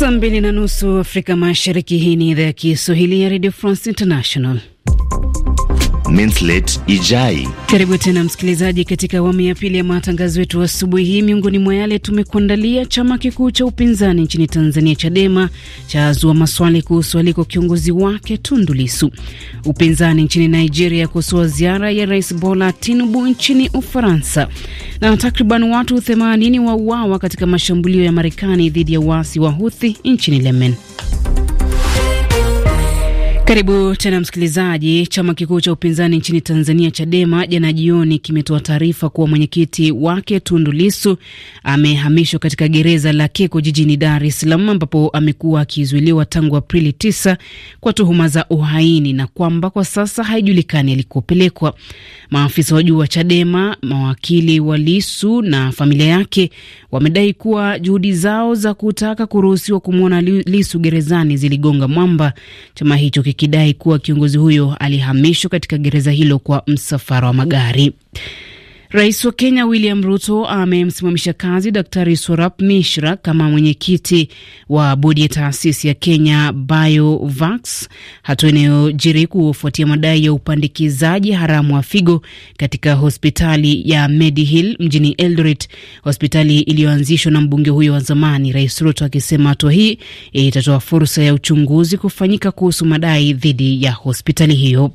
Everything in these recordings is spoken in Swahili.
Saa mbili na nusu Afrika Mashariki. Hii ni idhaa ya Kiswahili ya Radio France International. Minslet Ijai. Karibu tena msikilizaji, katika awamu ya pili ya matangazo yetu asubuhi hii. Miongoni mwa yale tumekuandalia: chama kikuu cha upinzani nchini Tanzania Chadema chazua maswali kuhusu aliko kiongozi wake Tundu Lissu; upinzani nchini Nigeria kosoa ziara ya Rais Bola Tinubu nchini Ufaransa; na takriban watu 80 wauawa katika mashambulio ya Marekani dhidi ya waasi wa Huthi nchini Yemen. Karibu tena msikilizaji. Chama kikuu cha upinzani nchini Tanzania, Chadema, jana jioni kimetoa taarifa kuwa mwenyekiti wake Tundu Lisu amehamishwa katika gereza la Keko jijini Dar es Salaam, ambapo amekuwa akizuiliwa tangu Aprili 9 kwa tuhuma za uhaini na kwamba kwa sasa haijulikani alikopelekwa. Maafisa wa juu wa Chadema, mawakili wa Lisu na familia yake wamedai kuwa juhudi zao za kutaka kuruhusiwa kumwona Lisu gerezani ziligonga mwamba. Chama hicho ikidai kuwa kiongozi huyo alihamishwa katika gereza hilo kwa msafara wa magari. Rais wa Kenya William Ruto amemsimamisha kazi Daktari Sorap Mishra kama mwenyekiti wa bodi ya taasisi ya Kenya Biovax, hatua inayojiri kufuatia madai ya upandikizaji haramu wa figo katika hospitali ya Medihill mjini Eldoret, hospitali iliyoanzishwa na mbunge huyo wa zamani, Rais Ruto akisema hatua hii itatoa fursa ya uchunguzi kufanyika kuhusu madai dhidi ya hospitali hiyo.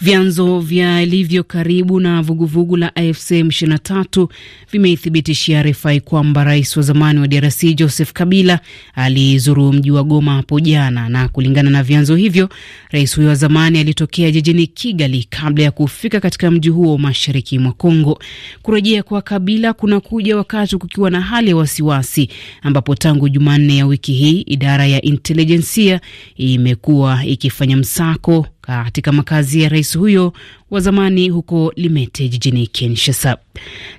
Vyanzo vyalivyo karibu na vuguvugu la AFC M23 vimeithibitishia RFI kwamba rais wa zamani wa DRC Joseph Kabila alizuru mji wa Goma hapo jana, na kulingana na vyanzo hivyo, rais huyo wa zamani alitokea jijini Kigali kabla ya kufika katika mji huo mashariki mwa congo Kurejea kwa Kabila kunakuja wakati kukiwa na hali ya wasiwasi, ambapo tangu Jumanne ya wiki hii idara ya intelijensia imekuwa ikifanya msako katika makazi ya rais huyo wa zamani huko Limete jijini Kinshasa.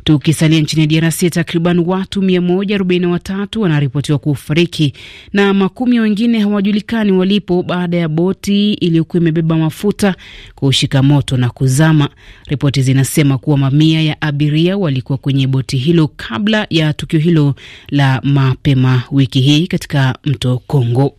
Tukisalia nchini DRC, takriban watu 143 wanaripotiwa kufariki na makumi wengine hawajulikani walipo baada ya boti iliyokuwa imebeba mafuta kushika moto na kuzama. Ripoti zinasema kuwa mamia ya abiria walikuwa kwenye boti hilo kabla ya tukio hilo la mapema wiki hii katika mto Kongo.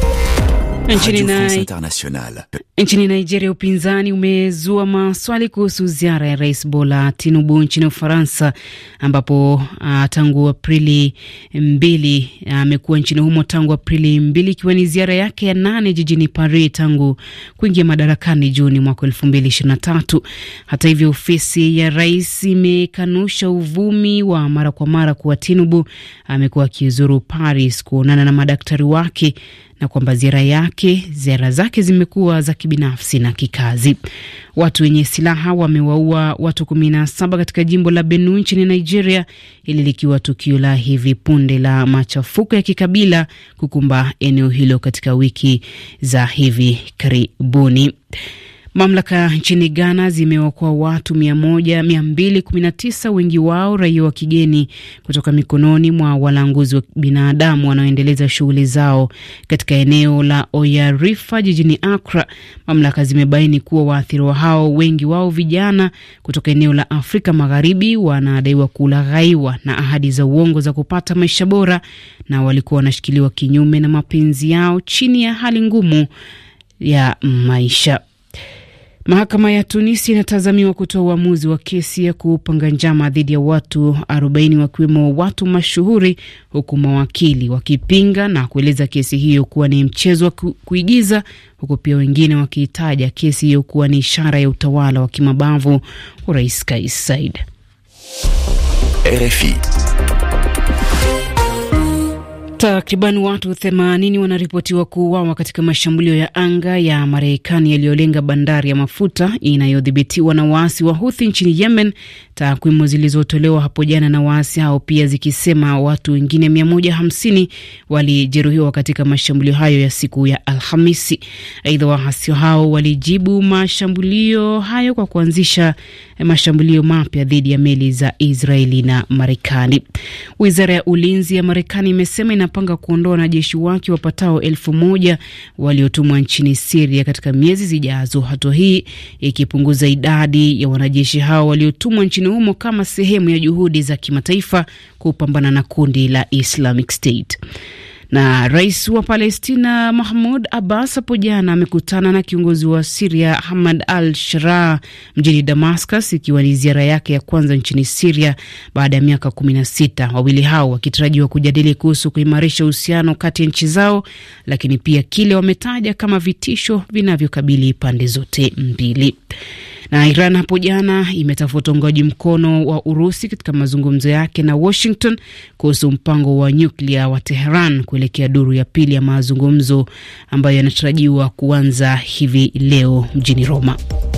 Nchini Nigeria, upinzani umezua maswali kuhusu ziara ya Rais Bola Tinubu nchini Ufaransa, ambapo uh, tangu Aprili mbili amekuwa uh, nchini humo tangu Aprili mbili, ikiwa ni ziara yake ya nane jijini Paris tangu kuingia madarakani Juni mwaka elfu mbili ishirini na tatu. Hata hivyo, ofisi ya rais imekanusha uvumi wa mara kwa mara kuwa Tinubu amekuwa akizuru Paris kuonana na madaktari wake na kwamba ziara yake ziara zake zimekuwa za kibinafsi na kikazi. Watu wenye silaha wamewaua watu kumi na saba katika jimbo la Benue nchini Nigeria, hili likiwa tukio la hivi punde la machafuko ya kikabila kukumba eneo hilo katika wiki za hivi karibuni. Mamlaka nchini Ghana zimewaokoa watu 1219 wengi wao raia wa kigeni kutoka mikononi mwa walanguzi wa binadamu wanaoendeleza shughuli zao katika eneo la Oyarifa jijini Accra. Mamlaka zimebaini kuwa waathiriwa hao, wengi wao vijana kutoka eneo la Afrika Magharibi, wanadaiwa kulaghaiwa na ahadi za uongo za kupata maisha bora na walikuwa wanashikiliwa kinyume na mapenzi yao chini ya hali ngumu ya maisha. Mahakama ya Tunisi inatazamiwa kutoa uamuzi wa kesi ya kupanga njama dhidi ya watu 40 wakiwemo watu mashuhuri, huku mawakili wakipinga na kueleza kesi hiyo kuwa ni mchezo wa kuigiza, huku pia wengine wakiitaja kesi hiyo kuwa ni ishara ya utawala wa kimabavu wa Rais Kais Saied. RFI Takriban watu 80 wanaripotiwa kuuawa katika mashambulio ya anga ya Marekani yaliyolenga bandari ya mafuta inayodhibitiwa na waasi wa huthi nchini Yemen, takwimu zilizotolewa hapo jana na waasi hao pia zikisema watu wengine 150 walijeruhiwa katika mashambulio hayo ya siku ya Alhamisi. Aidha, waasi hao walijibu mashambulio hayo kwa kuanzisha mashambulio mapya dhidi ya meli za Israeli na Marekani. Wizara ya ulinzi ya Marekani imesema inapanga kuondoa wanajeshi wake wapatao elfu moja waliotumwa nchini Siria katika miezi zijazo, hatua hii ikipunguza idadi ya wanajeshi hao waliotumwa nchini humo kama sehemu ya juhudi za kimataifa kupambana na kundi la Islamic State. Na rais wa Palestina Mahmud Abbas hapo jana amekutana na kiongozi wa Siria Ahmad al Sharaa mjini Damascus, ikiwa ni ziara yake ya kwanza nchini Siria baada ya miaka kumi na sita, wawili hao wakitarajiwa kujadili kuhusu kuimarisha uhusiano kati ya nchi zao, lakini pia kile wametaja kama vitisho vinavyokabili pande zote mbili. Na Iran hapo jana imetafuta uungaji mkono wa Urusi katika mazungumzo yake na Washington kuhusu mpango wa nyuklia wa Teheran kuelekea duru ya pili ya mazungumzo ambayo yanatarajiwa kuanza hivi leo mjini Roma.